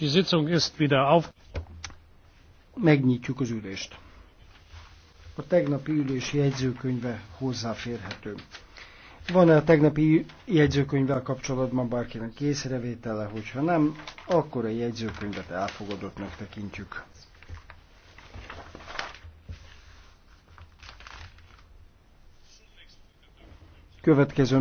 Die Sitzung ist wieder auf. Megnyitjuk az ülést. A tegnapi ülés jegyzőkönyve hozzáférhető. Van-e a tegnapi jegyzőkönyvvel kapcsolatban bárkinek készrevétele, hogyha nem, akkor a jegyzőkönyvet elfogadottnak tekintjük. Következő